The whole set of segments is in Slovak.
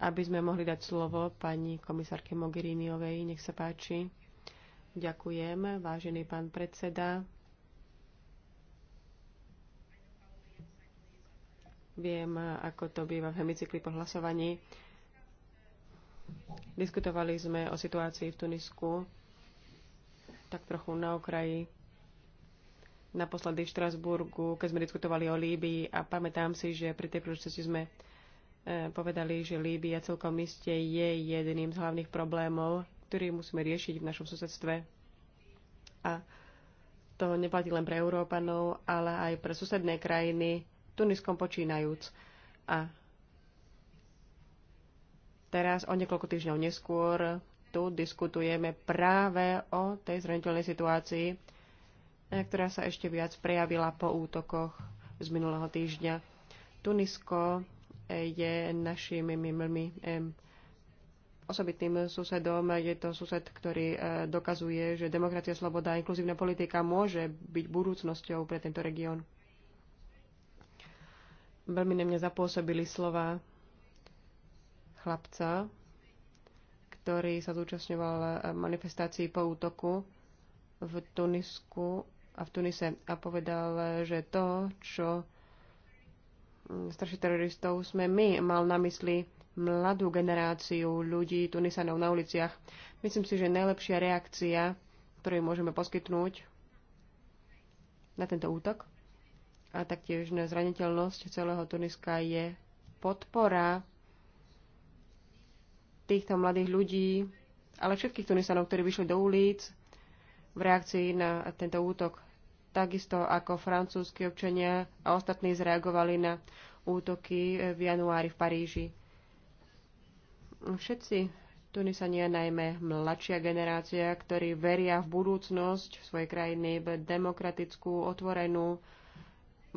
aby sme mohli dať slovo pani komisárke Mogheriniovej. Nech sa páči. Ďakujem, vážený pán predseda. Viem, ako to býva v hemicykli po hlasovaní. Diskutovali sme o situácii v Tunisku, tak trochu na okraji. Naposledy v Štrasburgu, keď sme diskutovali o Líbii a pamätám si, že pri tej príležitosti sme E, povedali, že Líbia celkom iste je jedným z hlavných problémov, ktorý musíme riešiť v našom susedstve. A to neplatí len pre Európanov, ale aj pre susedné krajiny, Tuniskom počínajúc. A teraz o niekoľko týždňov neskôr tu diskutujeme práve o tej zraniteľnej situácii, e, ktorá sa ešte viac prejavila po útokoch z minulého týždňa. Tunisko je našim veľmi osobitným susedom. Je to sused, ktorý e, dokazuje, že demokracia, sloboda a inkluzívna politika môže byť budúcnosťou pre tento región. Veľmi na mňa zapôsobili slova chlapca, ktorý sa zúčastňoval e, manifestácii po útoku v Tunisku a v Tunise a povedal, že to, čo Starší teroristov sme my. Mal na mysli mladú generáciu ľudí, Tunisanov na uliciach. Myslím si, že najlepšia reakcia, ktorú môžeme poskytnúť na tento útok a taktiež na zraniteľnosť celého Tuniska je podpora týchto mladých ľudí, ale všetkých Tunisanov, ktorí vyšli do ulic v reakcii na tento útok takisto ako francúzski občania a ostatní zreagovali na útoky v januári v Paríži. Všetci Tunisania, najmä mladšia generácia, ktorí veria v budúcnosť svojej krajiny, v demokratickú, otvorenú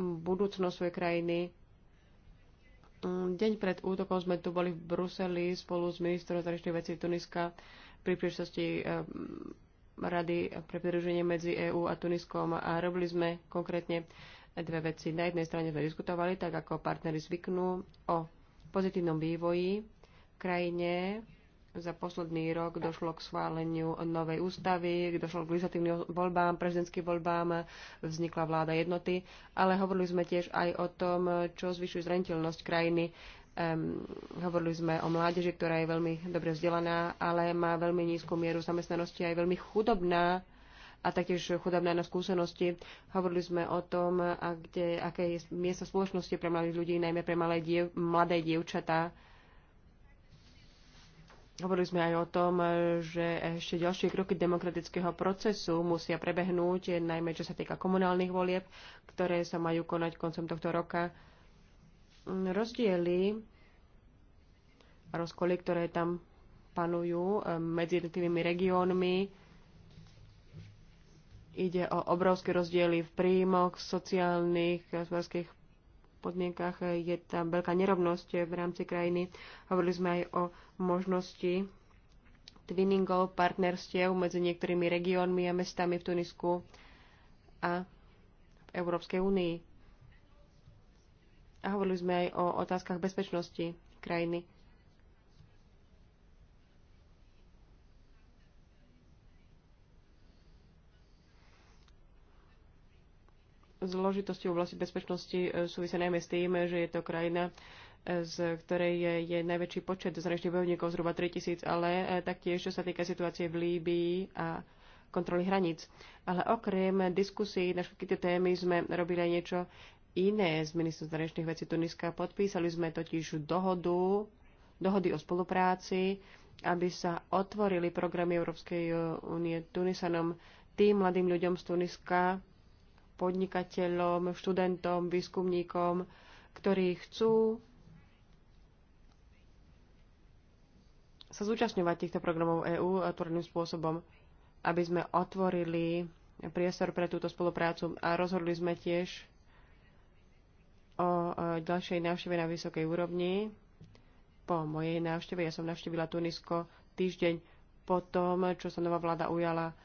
budúcnosť svojej krajiny. Deň pred útokom sme tu boli v Bruseli spolu s ministrom zahraničných vecí Tuniska pri príležitosti Rady pre pridruženie medzi EÚ a Tuniskom a robili sme konkrétne dve veci. Na jednej strane sme diskutovali, tak ako partnery zvyknú, o pozitívnom vývoji v krajine. Za posledný rok došlo k schváleniu novej ústavy, došlo k legislatívnym voľbám, prezidentským voľbám, vznikla vláda jednoty, ale hovorili sme tiež aj o tom, čo zvyšuje zraniteľnosť krajiny Um, hovorili sme o mládeži, ktorá je veľmi dobre vzdelaná, ale má veľmi nízku mieru zamestnanosti a je veľmi chudobná a taktiež chudobná na skúsenosti. Hovorili sme o tom, a kde, aké je miesto spoločnosti pre mladých ľudí, najmä pre malé diev, mladé dievčatá. Hovorili sme aj o tom, že ešte ďalšie kroky demokratického procesu musia prebehnúť, najmä čo sa týka komunálnych volieb, ktoré sa majú konať koncom tohto roka rozdiely a rozkoly, ktoré tam panujú eh, medzi jednotlivými regiónmi. Ide o obrovské rozdiely v príjmoch, sociálnych, eh, hospodárských podmienkach. Je tam veľká nerovnosť eh, v rámci krajiny. Hovorili sme aj o možnosti twinningov, partnerstiev medzi niektorými regiónmi a mestami v Tunisku a v Európskej únii. A hovorili sme aj o otázkach bezpečnosti krajiny. Zložitosti v oblasti bezpečnosti e, súvisia najmä s tým, že je to krajina, e, z ktorej je, je najväčší počet zraničných bojovníkov, zhruba 3000, ale e, taktiež, čo sa týka situácie v Líbii a kontroly hraníc. Ale okrem diskusí na všetky tie témy sme robili aj niečo iné s ministrom zahraničných vecí Tuniska. Podpísali sme totiž dohodu, dohody o spolupráci, aby sa otvorili programy Európskej únie Tunisanom, tým mladým ľuďom z Tuniska, podnikateľom, študentom, výskumníkom, ktorí chcú sa zúčastňovať týchto programov EÚ otvoreným spôsobom, aby sme otvorili priestor pre túto spoluprácu a rozhodli sme tiež ďalšej návšteve na vysokej úrovni. Po mojej návšteve, ja som navštívila Tunisko týždeň po tom, čo sa nová vláda ujala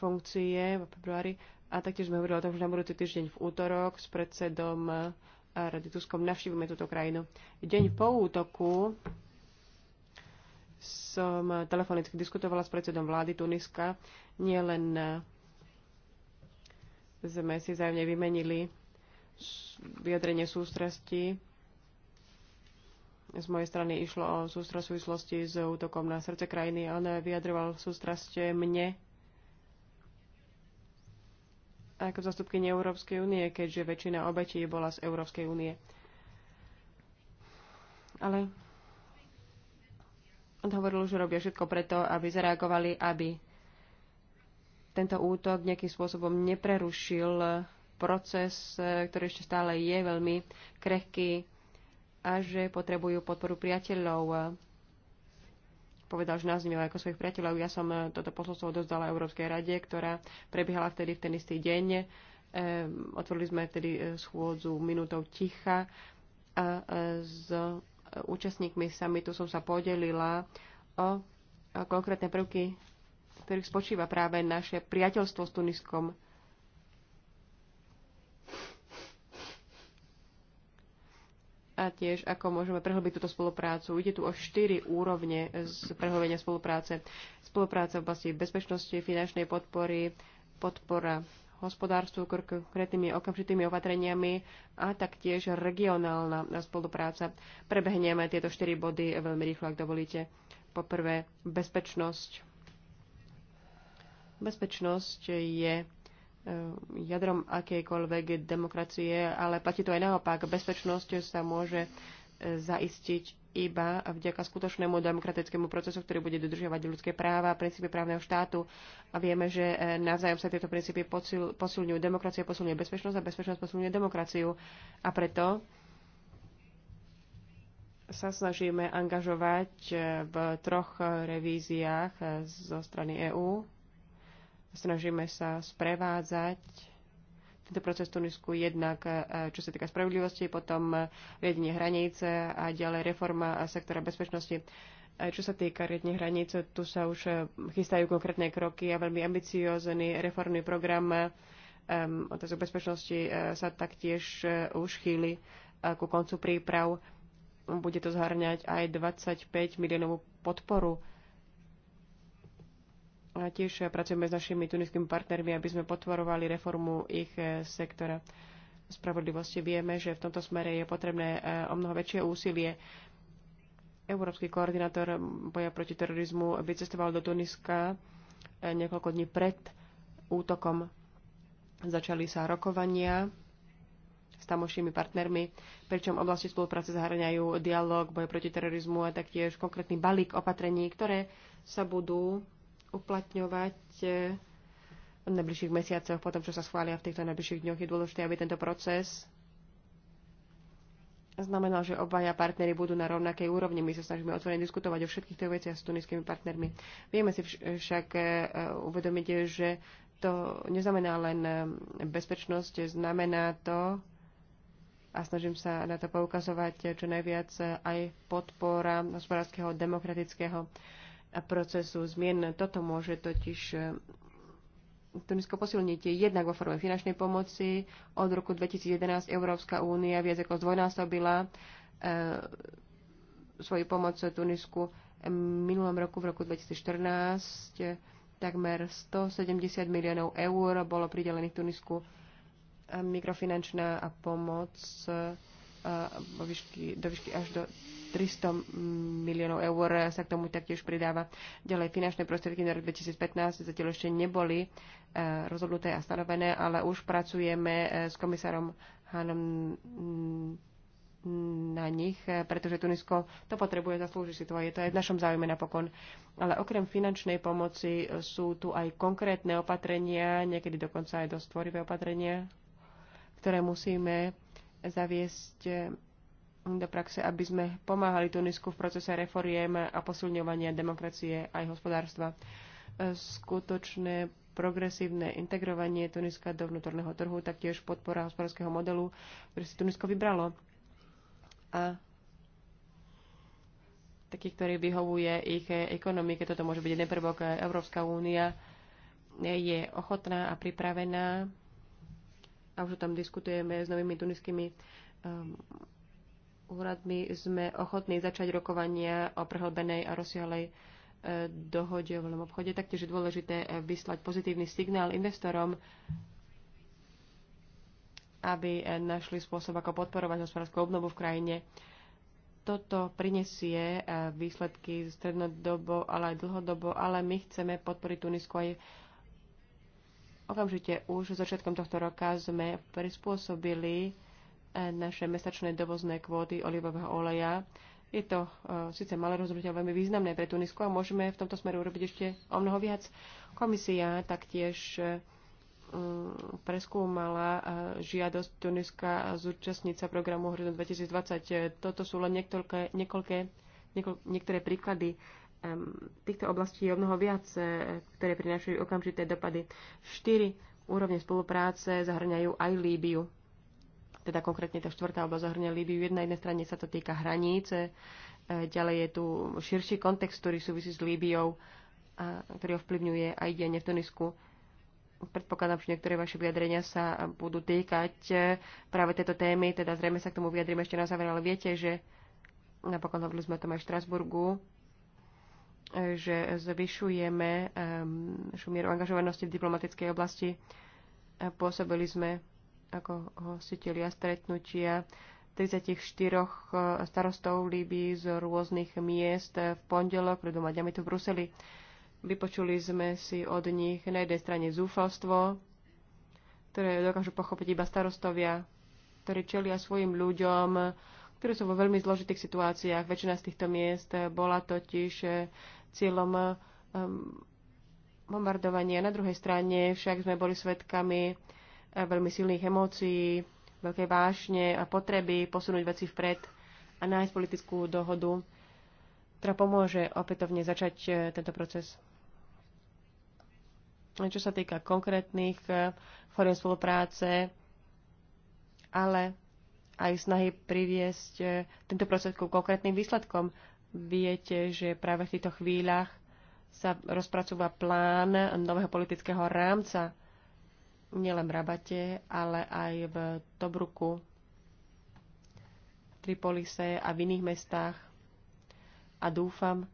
funkcie v februári. A taktiež sme hovorili o tom, že na budúci týždeň v útorok s predsedom Rady Tuskom navštívime túto krajinu. Deň po útoku som telefonicky diskutovala s predsedom vlády Tuniska. Nielen sme si zájemne vymenili vyjadrenie sústrasti. Z mojej strany išlo o sústrasť súvislosti s útokom na srdce krajiny. On vyjadroval sústraste mne ako zastupkynie Európskej únie, keďže väčšina obetí bola z Európskej únie. Ale on hovoril, že robia všetko preto, aby zareagovali, aby tento útok nejakým spôsobom neprerušil proces, e, ktorý ešte stále je veľmi krehký a že potrebujú podporu priateľov. Povedal, že nazýval ako svojich priateľov. Ja som e, toto posolstvo dozdala Európskej rade, ktorá prebiehala vtedy v ten istý deň. E, otvorili sme tedy schôdzu minútou ticha a s účastníkmi samitu som sa podelila o konkrétne prvky, ktorých spočíva práve naše priateľstvo s Tuniskom a tiež ako môžeme prehlbiť túto spoluprácu. Ide tu o štyri úrovne z prehlbenia spolupráce. Spolupráca v oblasti bezpečnosti, finančnej podpory, podpora hospodárstvu konkrétnymi okamžitými opatreniami a taktiež regionálna spolupráca. Prebehneme tieto štyri body veľmi rýchlo, ak dovolíte. Poprvé, bezpečnosť. Bezpečnosť je Eh, jadrom akejkoľvek demokracie, ale platí to aj naopak. Bezpečnosť sa môže eh, zaistiť iba vďaka skutočnému demokratickému procesu, ktorý bude dodržiavať ľudské práva a princípy právneho štátu. A vieme, že eh, navzájom sa tieto princípy posil, posilňujú. Demokracia posilňuje bezpečnosť a bezpečnosť posilňuje demokraciu. A preto sa snažíme angažovať v troch revíziách zo strany EÚ Snažíme sa sprevádzať tento proces v Tunisku jednak, e, čo sa týka spravodlivosti, potom e, riadenie hranice a ďalej reforma e, sektora bezpečnosti. Čo sa týka riadne hranice, tu sa už chystajú konkrétne kroky a veľmi ambiciózny reformný program otázok bezpečnosti sa taktiež už chýli ku koncu príprav. Bude to zhrňať aj 25 miliónovú podporu tiež pracujeme s našimi tuniskými partnermi, aby sme potvorovali reformu ich eh, sektora spravodlivosti. Vieme, že v tomto smere je potrebné eh, o mnoho väčšie úsilie. Európsky koordinátor boja proti terorizmu vycestoval do Tuniska eh, niekoľko dní pred útokom. Začali sa rokovania s tamošími partnermi, pričom oblasti spolupráce zahraňajú dialog, boj proti terorizmu a taktiež konkrétny balík opatrení, ktoré sa budú uplatňovať e, v najbližších mesiacoch, potom čo sa schvália v týchto najbližších dňoch. Je dôležité, aby tento proces znamenal, že obaja partnery budú na rovnakej úrovni. My sa snažíme otvorene diskutovať o všetkých tých veciach s tuniskými partnermi. Vieme si však e, uvedomiť, že to neznamená len e, bezpečnosť, znamená to, a snažím sa na to poukazovať čo najviac, aj podpora hospodárskeho, demokratického a procesu zmien. Toto môže totiž eh, Tunisko posilniť jednak vo forme finančnej pomoci. Od roku 2011 Európska únia viac ako zdvojnásobila e, svoju pomoc Tunisku. Minulom roku, v roku 2014, takmer 170 miliónov eur bolo pridelených Tunisku mikrofinančná pomoc eh, vo výšky, do výšky až do 300 miliónov eur sa k tomu taktiež pridáva. Ďalej finančné prostriedky na rok 2015 zatiaľ ešte neboli e, rozhodnuté a stanovené, ale už pracujeme e, s komisárom Hanom mm, na nich, e, pretože Tunisko to potrebuje, zaslúži si to a je to aj v našom záujme napokon. Ale okrem finančnej pomoci sú tu aj konkrétne opatrenia, niekedy dokonca aj dosť tvorivé opatrenia, ktoré musíme zaviesť do praxe, aby sme pomáhali Tunisku v procese reforiem a posilňovania demokracie aj hospodárstva. Skutočné progresívne integrovanie Tuniska do vnútorného trhu, taktiež podpora hospodárskeho modelu, ktorý si Tunisko vybralo. A taký, ktorý vyhovuje ich ekonomike, toto môže byť jeden prvok. Európska únia je ochotná a pripravená a už tam diskutujeme s novými tuniskými um, úradmi sme ochotní začať rokovania o prehlbenej a rozsiahlej e, dohode o voľnom obchode. Taktiež je dôležité e, vyslať pozitívny signál investorom, aby e, našli spôsob, ako podporovať hospodárskú obnovu v krajine. Toto prinesie výsledky strednodobo, ale aj dlhodobo, ale my chceme podporiť Tunisko aj okamžite už začiatkom tohto roka sme prispôsobili naše mesačné dovozné kvóty olivového oleja. Je to uh, síce malé rozhodnutie, veľmi významné pre Tunisko a môžeme v tomto smeru urobiť ešte o mnoho viac. Komisia taktiež um, preskúmala uh, žiadosť Tuniska zúčastniť sa programu Horizon 2020. Toto sú len niektoré, niekoľké, niekoľ, niektoré príklady um, týchto oblastí je o mnoho viac, ktoré prinášajú okamžité dopady. Štyri úrovne spolupráce zahrňajú aj Líbiu teda konkrétne tá štvrtá oblasť zahrňa Líbiu. Jedna jednej strane sa to týka hraníc, e, ďalej je tu širší kontext, ktorý súvisí s Líbiou, a ktorý ovplyvňuje aj dianie v Tunisku. Predpokladám, že niektoré vaše vyjadrenia sa budú týkať e, práve tejto témy, teda zrejme sa k tomu vyjadrime ešte na záver, ale viete, že napokon hovorili sme o tom aj v Štrasburgu, e, že zvyšujeme um, mieru angažovanosti v diplomatickej oblasti. Pôsobili sme ako hostitelia stretnutia 34 e, starostov Líbii z rôznych miest v pondelok pred dvoma dňami tu v Bruseli. Vypočuli sme si od nich na jednej strane zúfalstvo, ktoré dokážu pochopiť iba starostovia, ktorí čelia svojim ľuďom, ktorí sú vo veľmi zložitých situáciách. Väčšina z týchto miest bola totiž e, cieľom e, bombardovania. Na druhej strane však sme boli svedkami veľmi silných emócií, veľké vášne a potreby posunúť veci vpred a nájsť politickú dohodu, ktorá pomôže opätovne začať e, tento proces. Čo sa týka konkrétnych e, foriem spolupráce, ale aj snahy priviesť e, tento proces ku konkrétnym výsledkom. Viete, že práve v týchto chvíľach sa rozpracúva plán nového politického rámca nielen v Rabate, ale aj v Tobruku, Tripolise a v iných mestách. A dúfam,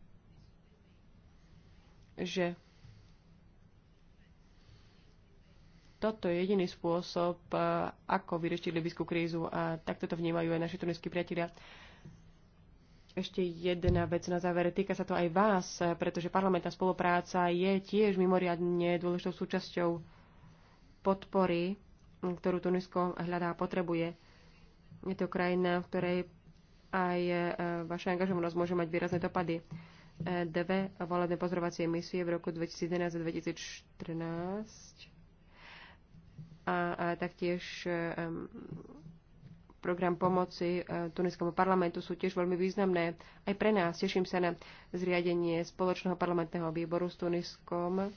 že toto je jediný spôsob, eh, ako vyriešiť libyskú krízu a takto to vnímajú aj naši tuniskí priatelia. Ešte jedna vec na záver. Týka sa to aj vás, eh, pretože parlamentná spolupráca je tiež mimoriadne dôležitou súčasťou podpory, mm, ktorú Tunisko hľadá a potrebuje. Je to krajina, v ktorej aj e, vaša angažovanosť môže mať výrazné dopady. E, dve volebné pozorovacie misie v roku 2011 a 2014 a, a taktiež um, program pomoci tuniskému parlamentu sú tiež veľmi významné. Aj pre nás teším sa na zriadenie spoločného parlamentného výboru s Tuniskom,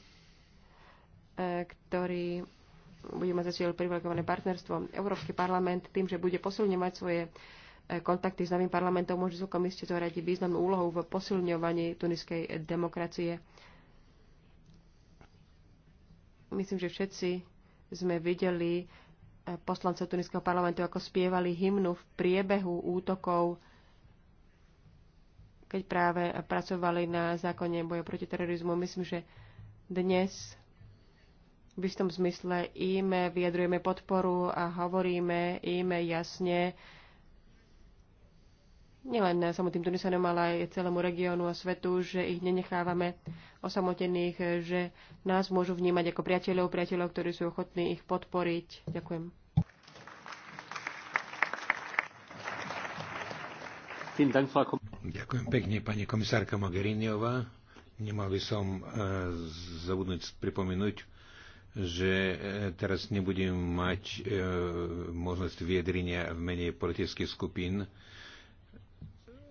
ktorý budeme za cieľ privilegované partnerstvo. Európsky parlament tým, že bude posilňovať svoje e, kontakty s novým parlamentom, môže celkom iste zohrať významnú úlohu v posilňovaní tuniskej demokracie. Myslím, že všetci sme videli e, poslancov tuniského parlamentu, ako spievali hymnu v priebehu útokov, keď práve pracovali na zákone boja proti terorizmu. Myslím, že dnes v istom zmysle im vyjadrujeme podporu a hovoríme im jasne, nielen samotným Tunisanom, ale aj celému regiónu a svetu, že ich nenechávame osamotených, že nás môžu vnímať ako priateľov, priateľov, ktorí sú ochotní ich podporiť. Ďakujem. Ďakujem pekne, pani komisárka Mogheriniová. Nemal by som e, zabudnúť pripomenúť že e, teraz nebudem mať e, možnosť vyjadrenia v mene politických skupín.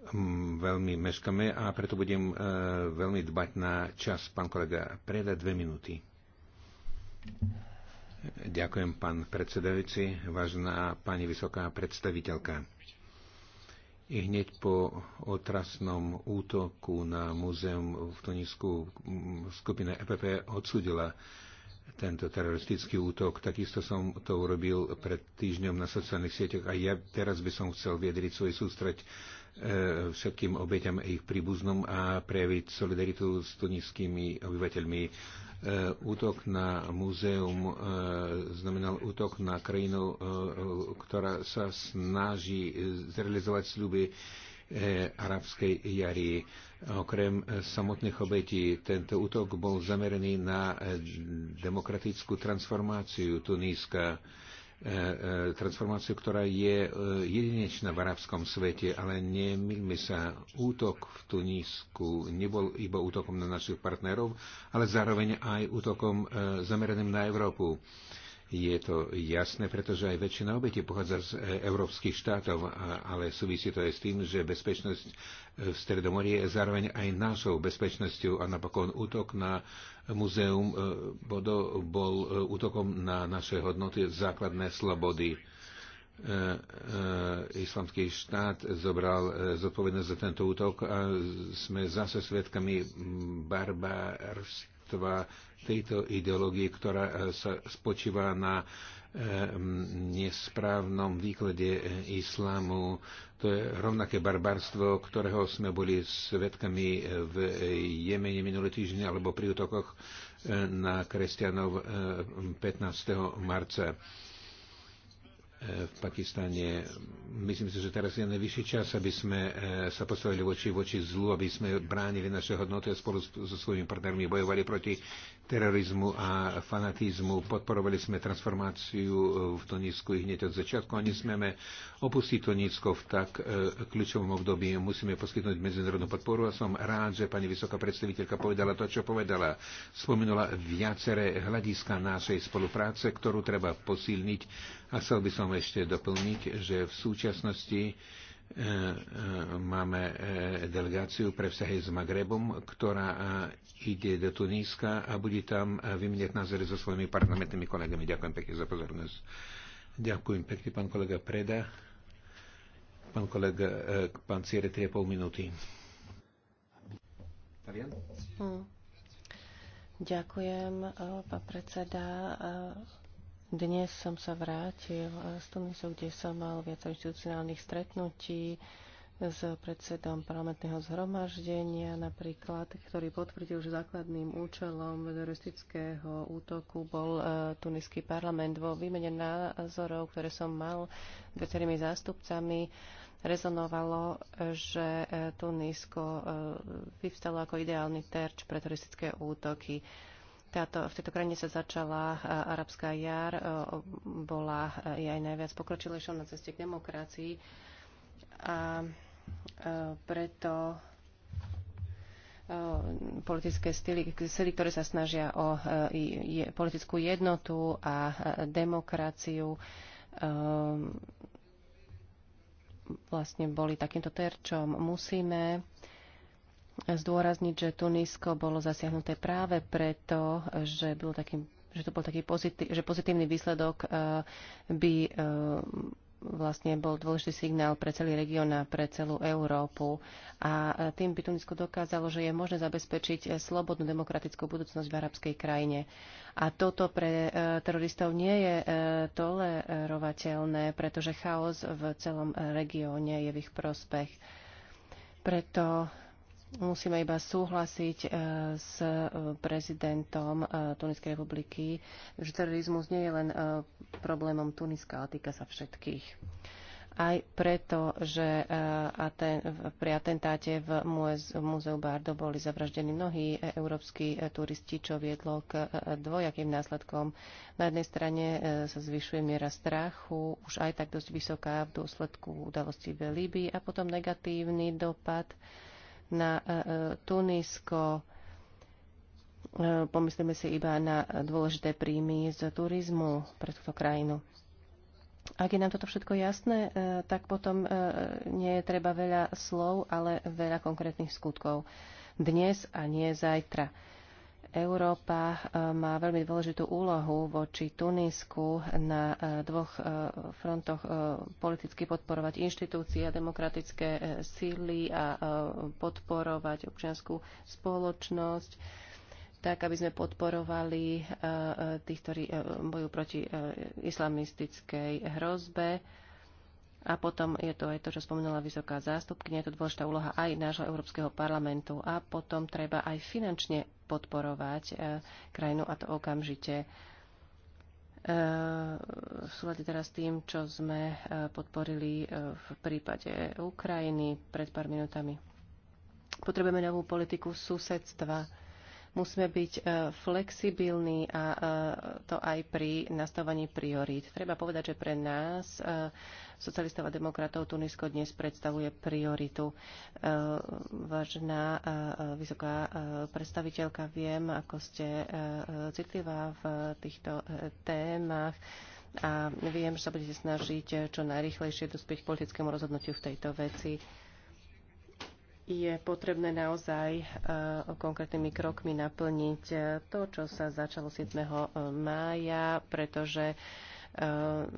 Mm, veľmi meškame a preto budem e, veľmi dbať na čas, pán kolega. Preda dve minúty. Ďakujem, pán predsedajúci, vážená pani vysoká predstaviteľka. I hneď po otrasnom útoku na múzeum v Tunisku mm, skupina EPP odsudila tento teroristický útok. Takisto som to urobil pred týždňom na sociálnych sieťach a ja teraz by som chcel viedriť svoj sústreť e, všetkým obeťam a ich príbuznom a prejaviť solidaritu s tuniskými obyvateľmi. E, útok na múzeum e, znamenal útok na krajinu, ktorá sa snaží zrealizovať sľuby Eh, arabskej jari. Okrem samotných obetí tento útok bol zameraný na eh, demokratickú transformáciu Tuníska eh, transformáciu, ktorá je jedinečná v arabskom svete, ale nemýlme sa, útok v Tunísku nebol iba útokom na našich partnerov, ale zároveň aj útokom zameraným na Európu. Je to jasné, pretože aj väčšina obetí pochádza z e, európskych štátov, ale súvisí to aj s tým, že bezpečnosť e, v Stredomorí je zároveň aj našou bezpečnosťou a napokon útok na muzeum e, Bodo bol útokom na naše hodnoty, základné slobody islamský štát zobral zodpovednosť za tento útok a sme zase svedkami barbarských svedectva tejto ideológie, ktorá e, sa spočíva na e, nesprávnom výklade e, islámu. To je rovnaké barbarstvo, ktorého sme boli svetkami v Jemene minulý týždeň alebo pri útokoch na kresťanov 15. marca v Pakistane. Myslím si, že teraz je najvyšší čas, aby sme e, sa postavili voči voči zlu, aby sme bránili naše hodnoty a spolu so svojimi partnermi bojovali proti terorizmu a fanatizmu. Podporovali sme transformáciu e, v Tunisku i hneď od začiatku a nesmieme opustiť Tunisko v tak e, kľúčovom období. Musíme poskytnúť medzinárodnú podporu a som rád, že pani vysoká predstaviteľka povedala to, čo povedala. Spomenula viaceré hľadiska našej spolupráce, ktorú treba posilniť a chcel by som ešte doplniť, že v súčasnosti E, e, máme e, delegáciu pre vzťahy s Magrebom, ktorá ide do Tuníska a bude tam vymeniať názory so svojimi parlamentnými kolegami. Ďakujem pekne za pozornosť. Ďakujem pekne, pán kolega Preda. Pán kolega, pán Ciere, 3,5 minúty. Hm. Ďakujem, pán predseda. Dnes som sa vrátil z Tunisu, kde som mal viac inštitucionálnych stretnutí s predsedom parlamentného zhromaždenia napríklad, ktorý potvrdil, že základným účelom teroristického útoku bol e, tuniský parlament. Vo výmene názorov, ktoré som mal s viacerými zástupcami, rezonovalo, že e, Tunisko e, vyvstalo ako ideálny terč pre turistické útoky. Táto, v tejto krajine sa začala arabská jar, bola je aj najviac pokročilejšou na ceste k demokracii a preto politické styly, sily, ktoré sa snažia o e, politickú jednotu a demokraciu, e, vlastne boli takýmto terčom. Musíme zdôrazniť, že Tunisko bolo zasiahnuté práve preto, že, bol taký, že to bol taký pozitív, že pozitívny výsledok eh, by eh, vlastne bol dôležitý signál pre celý región a pre celú Európu. A eh, tým by Tunisko dokázalo, že je možné zabezpečiť slobodnú demokratickú budúcnosť v arabskej krajine. A toto pre teroristov nie je tolerovateľné, pretože chaos v celom regióne je v ich prospech. Preto Musíme iba súhlasiť e, s e, prezidentom e, Tuniskej republiky, že terorizmus nie je len problémom Tuniska, ale týka sa všetkých. Aj preto, že pri atentáte v Múzeu Bardo boli zavraždení mnohí európsky turisti, čo viedlo k dvojakým následkom. Na jednej strane sa zvyšuje miera strachu, už aj tak dosť vysoká v dôsledku udalostí v Líbii a potom negatívny dopad na e, e, Tunisko. E, pomyslíme si iba na dôležité príjmy z turizmu pre túto krajinu. Ak je nám toto všetko jasné, tak potom nie je treba veľa slov, ale veľa konkrétnych skutkov. Dnes a nie zajtra. Európa eh, má veľmi dôležitú úlohu voči Tunisku na eh, dvoch eh, frontoch politicky podporovať inštitúcie a demokratické síly a podporovať občianskú spoločnosť tak, aby sme podporovali tých, ktorí bojujú proti islamistickej hrozbe a potom je to aj to, čo spomenula vysoká zástupkynia, je to dôležitá úloha aj nášho Európskeho parlamentu. A potom treba aj finančne podporovať e, krajinu a to okamžite. E, v súlade teraz tým, čo sme e, podporili v prípade Ukrajiny pred pár minutami. Potrebujeme novú politiku susedstva Musíme byť e, flexibilní a e, to aj pri nastavovaní priorít. Treba povedať, že pre nás, e, socialistov a demokratov, Tunisko dnes predstavuje prioritu. Vážna vysoká predstaviteľka, viem, ako ste citlivá v týchto témach a viem, že sa budete snažiť čo najrychlejšie dospieť k politickému rozhodnutiu v tejto veci je potrebné naozaj e, konkrétnymi krokmi naplniť e, to, čo sa začalo 7. E, mája, pretože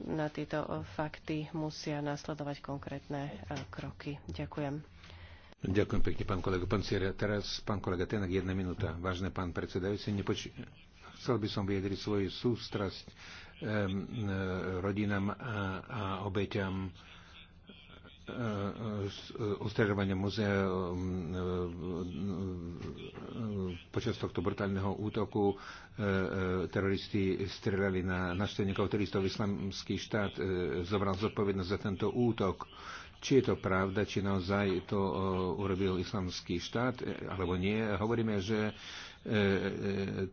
na tieto fakty musia nasledovať konkrétne kroky. Ďakujem. Ďakujem pekne, pán kolega. Pán Ciera, teraz pán kolega Tenak, jedna minúta. Vážne pán predsedajúci, nepoč... chcel by som vyjadriť svoju sústrasť um, rodinám a, a obeťam ustreľovania e, e, e, muzea počas tohto brutálneho útoku teroristi strelali na návštevníkov teroristov. Islamský štát zobral zodpovednosť za tento útok. Či je to pravda, či naozaj to urobil islamský štát, alebo nie. Hovoríme, že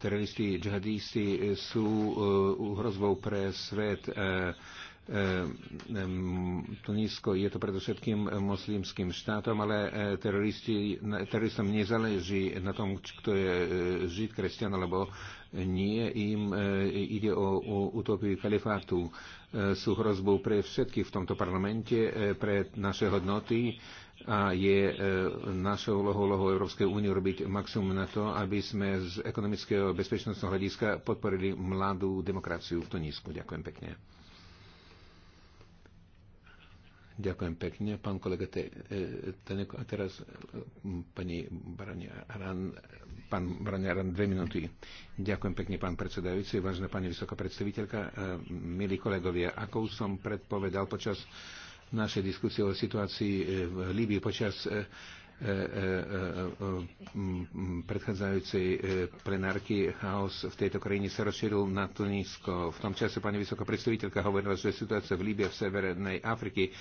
teroristi, džihadisti sú hrozbou pre svet Ehm, ehm, Tunisko je to predovšetkým moslimským štátom, ale e, teroristi, teroristom nezáleží na tom, kto je e, žid, kresťan alebo nie. Im e, ide o, utopiu kalifátu. Sú hrozbou pre všetkých v tomto parlamente, pre naše hodnoty a je našou úlohou, úlohou Európskej únie robiť maximum na to, aby sme z ekonomického bezpečnostného hľadiska podporili mladú demokraciu v Tunísku. Ďakujem pekne. Ďakujem pekne, pán kolega te, e, A teraz e, pani Aran, pán Aran, dve minúty. Ďakujem pekne, pán predsedajúci, vážna pani vysoká predstaviteľka, e, milí kolegovia. Ako už som predpovedal počas našej diskusie o situácii v Líbii počas E, e, e, predchádzajúcej plenárky chaos v tejto krajine sa rozšíril na Tunisko. V tom čase pani vysoká predstaviteľka hovorila, že situácia v Líbii v Severnej Afriky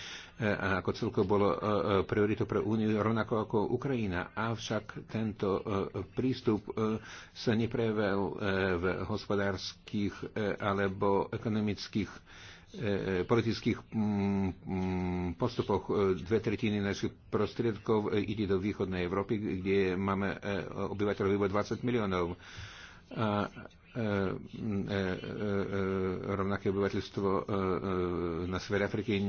ako celko bolo prioritou pre Úniu, rovnako ako Ukrajina. Avšak tento prístup sa neprejavil v hospodárskych alebo ekonomických Eh, politických mm, mm, postupoch eh, dve tretiny našich prostriedkov eh, ide do východnej Európy, kde máme obyvateľov iba 20 miliónov. E, e, e, rovnaké obyvateľstvo na Svere Afriky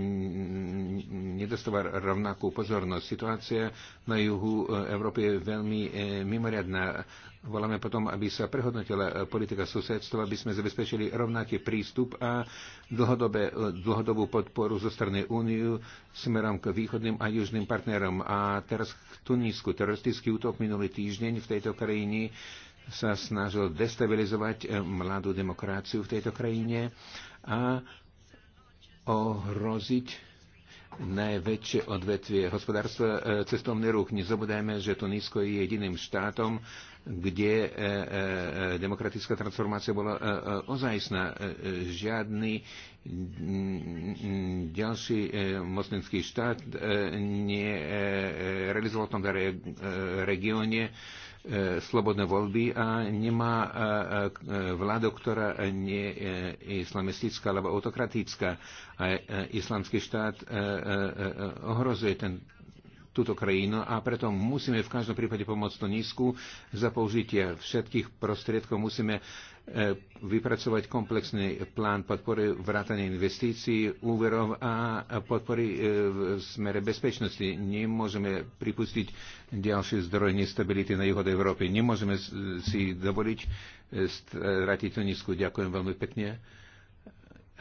nedostáva rovnakú pozornosť. Situácia na juhu Európy je veľmi mimoriadná. Voláme potom, aby sa prehodnotila politika susedstva, aby sme zabezpečili rovnaký prístup a dlhodobé, dlhodobú podporu zo strany Úniu smerom k východným a južným partnerom. A teraz k Tunísku. Teroristický útok minulý týždeň v tejto krajine sa snažil destabilizovať eh, mladú demokraciu v tejto krajine a ohroziť najväčšie odvetvie hospodárstva eh, cestovný ruch. Nezabudajme, že Tunisko je jediným štátom, kde eh, demokratická transformácia bola ozajstná. žiadny mm, mm, ďalší mocnický moslimský štát nerealizoval v tomto re, regióne E, slobodné voľby a nemá e, e, vládu, ktorá nie je islamistická alebo autokratická. A islamský štát ohrozuje ten, túto krajinu a preto musíme v každom prípade pomôcť to nízku. za použitie všetkých prostriedkov. Musíme e, vypracovať komplexný plán podpory vrátania investícií, úverov a podpory e, v smere bezpečnosti. Nemôžeme pripustiť ďalšie zdroj nestability na juhode Európy. Nemôžeme si dovoliť e, stratiť nízku. Ďakujem veľmi pekne.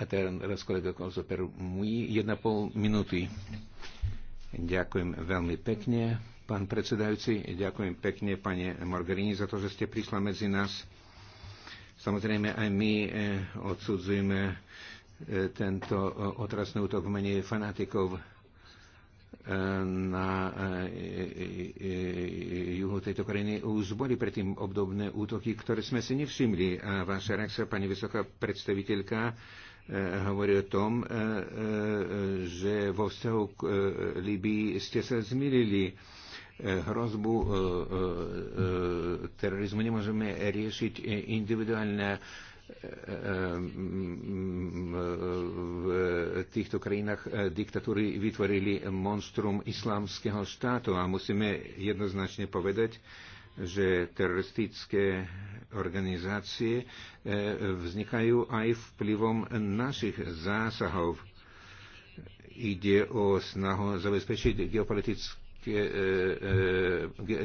A teraz kolega Kozoper, jedna pol minúty. Ďakujem veľmi pekne, pán predsedajúci. Ďakujem pekne, pani Margarini za to, že ste prišla medzi nás. Samozrejme, aj my eh, odsudzujeme eh, tento eh, otrasný útok v mene fanatikov na juhu tejto krajiny už boli predtým obdobné útoky, ktoré sme si nevšimli. A vaša reakcia, pani vysoká predstaviteľka, E, hovorí o tom, e, e, že vo vzťahu k Libii ste sa zmilili. Hrozbu terorizmu nemôžeme riešiť individuálne v týchto krajinách diktatúry vytvorili monstrum islamského štátu a musíme jednoznačne povedať, že teroristické organizácie e, vznikajú aj vplyvom našich zásahov. Ide o snahu zabezpečiť e, e,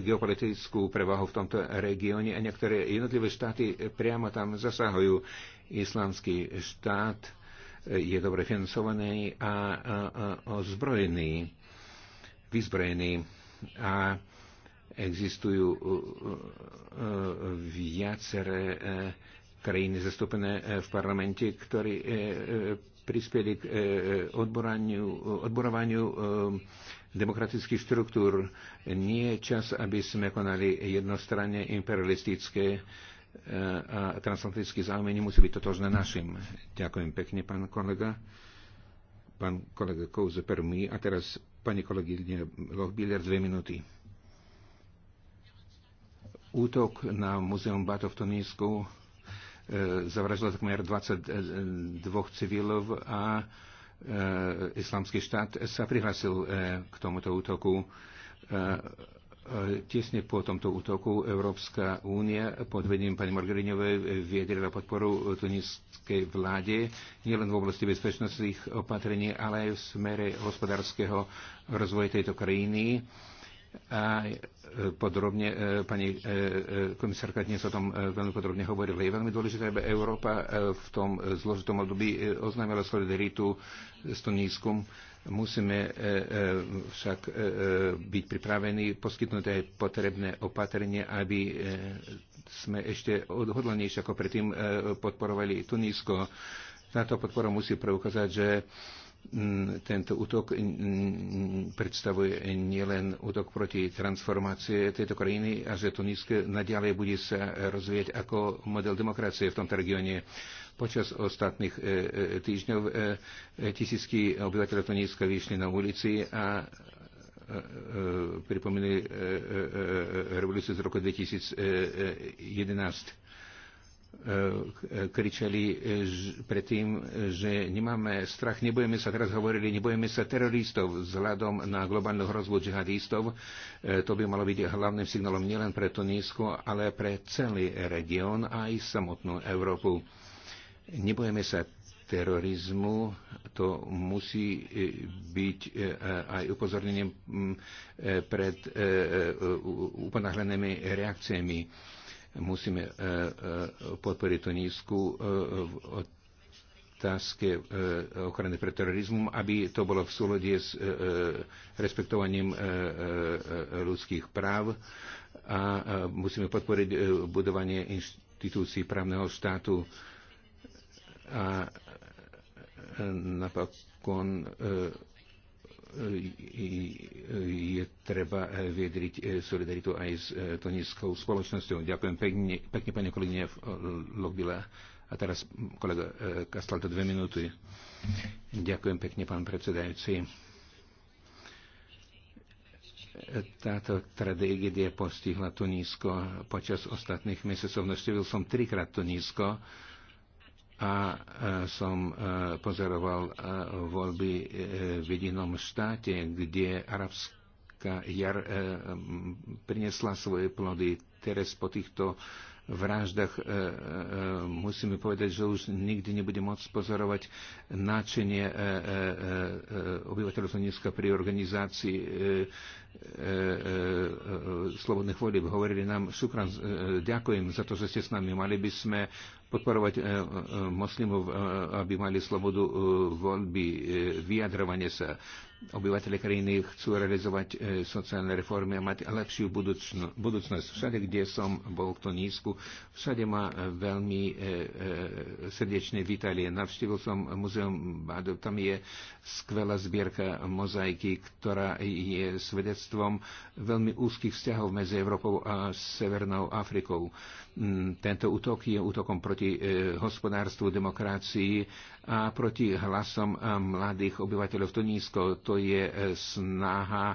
geopolitickú prevahu v tomto regióne a niektoré jednotlivé štáty priamo tam zasahujú. Islamský štát je dobre financovaný a ozbrojený, vyzbrojený. A Existujú uh, uh, viaceré uh, krajiny zastúpené v parlamente, ktorí prispeli k odborovaniu um, demokratických štruktúr. Nie je čas, aby sme konali jednostranne imperialistické a transatlantické záujmy nemusí byť totožné našim. Ďakujem pekne, pán kolega. Pán kolega Kouze Permi a teraz pani kolegyňa Lohbiller dve minúty. Útok na muzeum Bato v Tunísku e, zavražilo takmer 22 civilov a e, islamský štát sa prihlásil e, k tomuto útoku. Tiesne po tomto útoku Európska únia pod vedením pani Margarinovej viedrila podporu tuniskej vláde nielen v oblasti bezpečnostných opatrení, ale aj v smere hospodárskeho rozvoja tejto krajiny a e, podrobne, e, pani e, komisárka dnes o tom veľmi podrobne hovorila. Je veľmi dôležité, aby Európa v tom zložitom období oznámila solidaritu s Tunískom. Musíme však byť pripravení poskytnúť aj potrebné opatrenie, aby sme ešte odhodlanejšie ako predtým podporovali Tunísko. Táto podpora musí preukázať, že Mm, tento útok mm, mm, predstavuje nielen útok proti transformácie tejto krajiny a že to nízke nadalej bude sa rozvieť ako model demokracie v tomto regióne. Počas ostatných e, e, týždňov e, tisícky obyvateľov to nízke vyšli na ulici a pripomínali revolúciu z roku 2011 kričali predtým, že nemáme strach, nebojeme sa, teraz hovorili, nebojeme sa teroristov vzhľadom na globálnu hrozbu džihadistov. To by malo byť hlavným signálom nielen pre Tunísko, ale pre celý región a aj samotnú Európu. Nebojeme sa terorizmu, to musí byť aj upozornením pred uponáhlenými reakciami Musíme e, e, podporiť tú nízku e, otázke ochrany pred terorizmom, aby to bolo v súlode s respektovaním ľudských práv a musíme podporiť budovanie inštitúcií právneho štátu a napokon je treba viedriť eh, solidaritu aj s eh, tuniskou spoločnosťou. Ďakujem pekne, pekne pani kolegyne Lokbila. A teraz mm, kolega eh, Kastal, to dve minúty. Ďakujem pekne, pán predsedajúci. Táto tragédia postihla Tunísko počas ostatných mesiacov. Navštívil som trikrát Tunísko a e, som e, pozoroval e, voľby v jedinom štáte, kde arabská jar priniesla svoje plody. Teraz po týchto vraždách musíme povedať, že už nikdy nebude môcť pozorovať náčenie obyvateľov Slovenska pri organizácii slobodných volieb. Hovorili nám, šukran, ďakujem za to, že ste s nami. Mali by sme podporovať e, e, moslimov, e, aby mali slobodu voľby, vyjadrovanie sa, obyvateľe krajiny chcú realizovať e, sociálne reformy a mať lepšiu budúcno, budúcnosť. Všade, kde som bol v Tunísku, všade ma e, veľmi e, e, srdečne vítali. Navštívil som muzeum Bado, tam je skvelá zbierka mozaiky, ktorá je svedectvom veľmi úzkých vzťahov medzi Európou a Severnou Afrikou. Mm, tento útok je útokom proti e, hospodárstvu, demokracii, e, a proti hlasom eh, mladých obyvateľov nízko, To je eh, snaha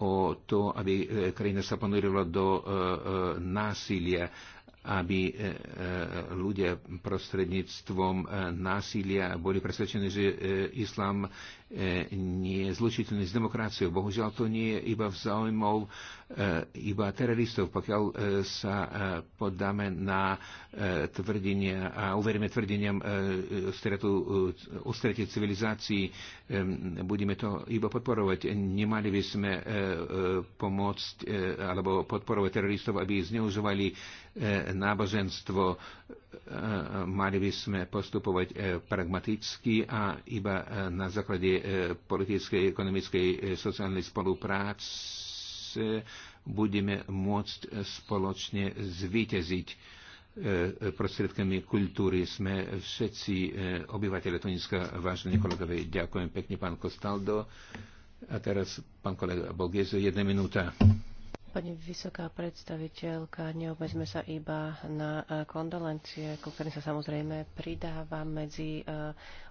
o to, aby eh, krajina sa ponorila do násilia aby ľudia prostredníctvom násilia boli presvedčení, že islám E, nie je zlučiteľný s demokraciou. Bohužiaľ to nie je iba v záujmov e, iba teroristov. Pokiaľ e, sa podáme na tvrdenia a uveríme tvrdeniam o strete civilizácií, budeme to iba podporovať. Nemali by sme pomôcť alebo podporovať teroristov, aby zneužovali náboženstvo E, mali by sme postupovať e, pragmaticky a iba e, na základe politickej, ekonomickej, sociálnej spolupráce budeme môcť spoločne zvíťaziť prostriedkami kultúry. Sme všetci obyvateľe Tuniska, vážení kolegovi, Ďakujem pekne, pán Kostaldo. A teraz pán kolega Bolgezo, jedna minúta. Pani vysoká predstaviteľka, neobmedzme sa iba na e, kondolencie, ku ktorým sa samozrejme pridáva. Medzi e,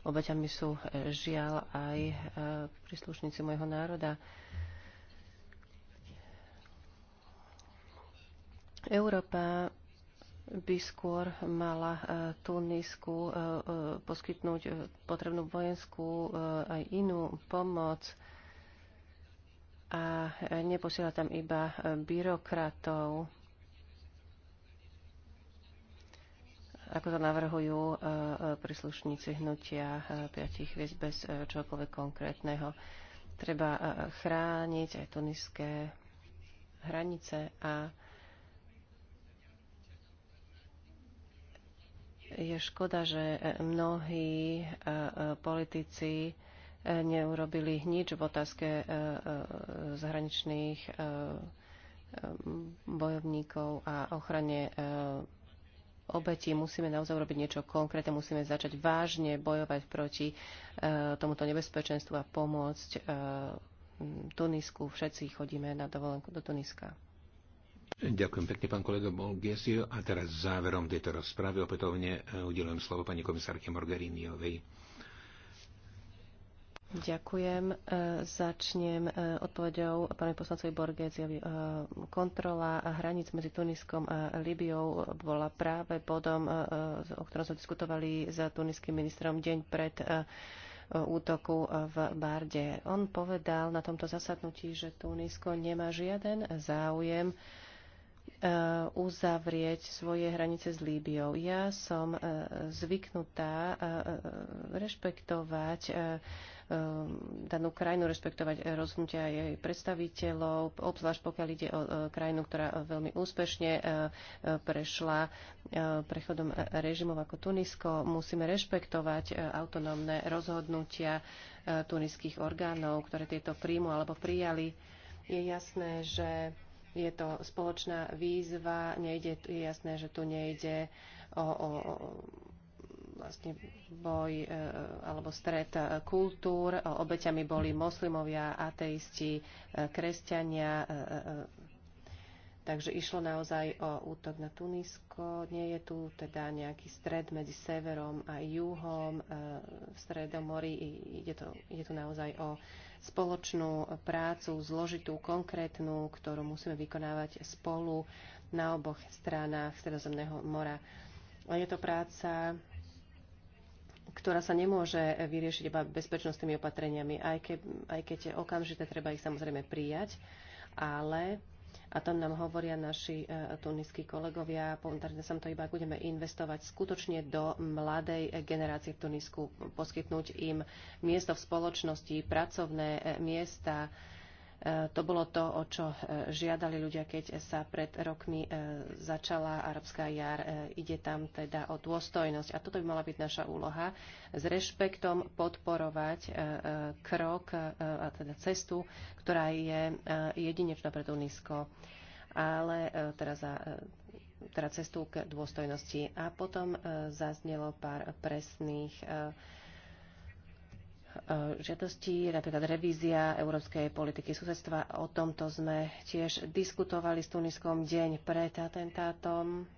obeťami sú e, žiaľ aj príslušníci môjho národa. Európa by skôr mala Tunisku poskytnúť potrebnú vojenskú aj inú pomoc a neposiela tam iba e, byrokratov, ako to navrhujú e, e, príslušníci hnutia piatich hviezd bez čokoľvek konkrétneho. Treba chrániť aj tuniské hranice a je škoda, že mnohí politici neurobili nič v otázke e, e, zahraničných e, bojovníkov a ochrane obetí. Musíme naozaj urobiť niečo konkrétne, musíme začať vážne bojovať proti tomuto nebezpečenstvu a pomôcť Tunisku. Všetci chodíme na dovolenku do Tuniska. Ďakujem pekne, pán kolega Bolgesio. A teraz záverom tejto rozprávy opätovne udelujem slovo pani komisárke Morgariniovej. Ďakujem. E, začnem e, odpovedou pánovi poslancovi Borges e, Kontrola hraníc medzi Tuniskom a Libiou bola práve bodom, o ktorom sme diskutovali s tuniským ministrom deň pred útoku v Barde. On povedal na tomto zasadnutí, že Tunisko nemá žiaden záujem uzavrieť svoje hranice s Líbiou. Ja som zvyknutá rešpektovať Ehm, danú krajinu, rešpektovať eh, rozhodnutia jej predstaviteľov, obzvlášť pokiaľ ide o eh, krajinu, ktorá eh, veľmi úspešne prešla prechodom režimov ako Tunisko. Musíme rešpektovať autonómne rozhodnutia tuniských orgánov, ktoré tieto príjmu alebo prijali. Je jasné, že je to spoločná výzva, nejde, je jasné, že tu nejde o, o, vlastne boj e, alebo stret e, kultúr. Obeťami boli moslimovia, ateisti, e, kresťania. Takže išlo naozaj o útok na Tunisko. Nie je tu teda nejaký stred medzi severom a juhom. V Stredomori ide, to, ide tu naozaj o spoločnú prácu, zložitú, konkrétnu, ktorú musíme vykonávať spolu na oboch stranách Stredozemného mora. Je to práca, ktorá sa nemôže vyriešiť iba bezpečnostnými opatreniami, aj, ke, aj keď je okamžité, treba ich samozrejme prijať, ale a tam nám hovoria naši e, tuniskí kolegovia, povedali sa to iba, ak budeme investovať skutočne do mladej generácie v Tunisku, poskytnúť im miesto v spoločnosti, pracovné e, miesta, E, to bolo to, o čo e, žiadali ľudia, keď sa pred rokmi e, začala arabská jar. Ide tam teda o dôstojnosť. A toto by mala byť naša úloha. S rešpektom podporovať krok, a teda cestu, ktorá je jedinečná pre Tunisko. Ale teraz za teda cestu k dôstojnosti. A potom zaznelo pár presných Eh, žiadosti, napríklad revízia európskej politiky susedstva. O tomto sme tiež diskutovali s Tuniskom deň pred atentátom.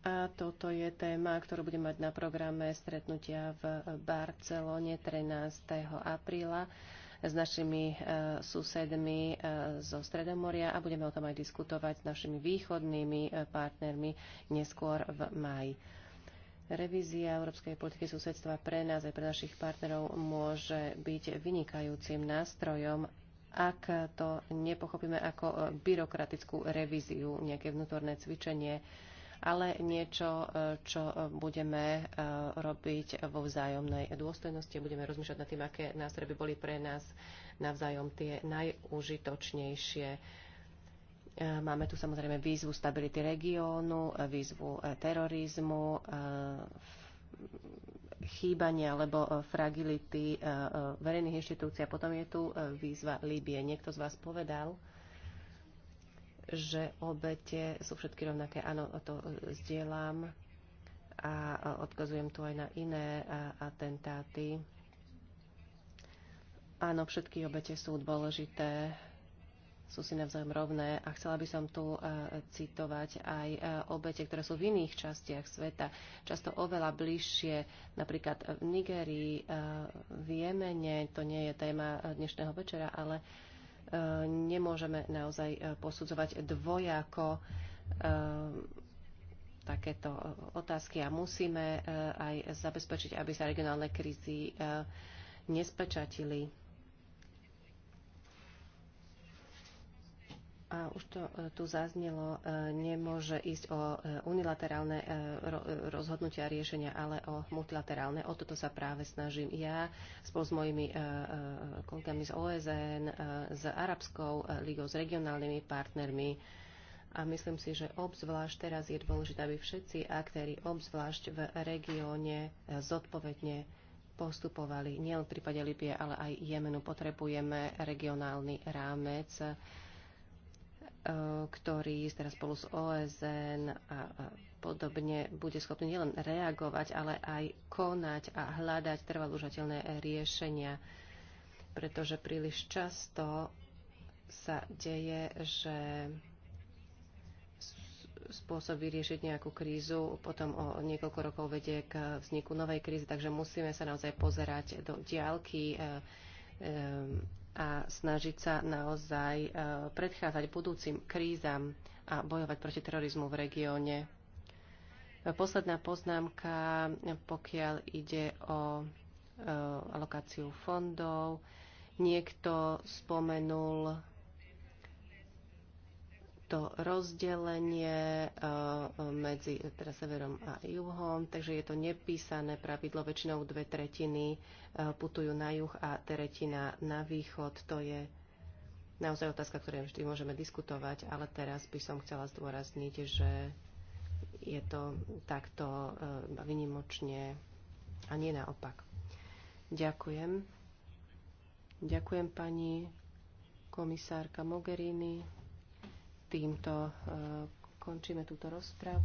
A toto je téma, ktorú budeme mať na programe stretnutia v Barcelone 13. apríla s našimi eh, susedmi eh, zo Stredomoria a budeme o tom aj diskutovať s našimi východnými partnermi neskôr v máji. Revízia európskej politiky susedstva pre nás aj pre našich partnerov môže byť vynikajúcim nástrojom, ak to nepochopíme ako byrokratickú revíziu, nejaké vnútorné cvičenie, ale niečo, čo budeme e, robiť vo vzájomnej dôstojnosti. Budeme rozmýšľať nad tým, aké nástroje by boli pre nás navzájom tie najúžitočnejšie E, máme tu samozrejme výzvu stability regiónu, e, výzvu e, terorizmu, chýbania alebo fragility verejných inštitúcií. A potom je tu výzva Líbie. Niekto z vás povedal, že obete sú všetky rovnaké. Áno, to zdieľam a odkazujem tu aj na iné atentáty. Áno, všetky obete sú dôležité sú si navzájom rovné. A chcela by som tu e, citovať aj e, obete, ktoré sú v iných častiach sveta, často oveľa bližšie, napríklad v Nigerii, e, v Jemene, to nie je téma dnešného večera, ale nemôžeme naozaj posudzovať dvojako takéto otázky a musíme aj zabezpečiť, aby sa regionálne krízy nespečatili. a už to e, tu zaznelo, e, nemôže ísť o e, unilaterálne rozhodnutia a riešenia, ale o multilaterálne. O toto sa práve snažím ja spolu s mojimi kolegami z OSN, s Arabskou ligou, s regionálnymi partnermi. A myslím si, že obzvlášť teraz je dôležité, aby všetci aktéry, obzvlášť v regióne, zodpovedne postupovali. Nielen v prípade Libie, ale aj Jemenu potrebujeme regionálny rámec Eh, ktorý teraz spolu s OSN a podobne bude schopný nielen reagovať, ale aj konať a hľadať trvalúžateľné riešenia, pretože príliš často sa deje, že spôsob vyriešiť nejakú krízu potom o niekoľko rokov vedie k vzniku novej krízy, takže musíme sa naozaj pozerať do diálky eh, eh, a snažiť sa naozaj e, predchádzať budúcim krízam a bojovať proti terorizmu v regióne. Posledná poznámka, pokiaľ ide o e, alokáciu fondov. Niekto spomenul to rozdelenie e, medzi teda severom a juhom, takže je to nepísané pravidlo, väčšinou dve tretiny e, putujú na juh a tretina na východ. To je naozaj otázka, ktorej vždy môžeme diskutovať, ale teraz by som chcela zdôrazniť, že je to takto e, vynimočne a nie naopak. Ďakujem. Ďakujem pani komisárka Mogherini. Týmto eh, končíme túto rozpravu.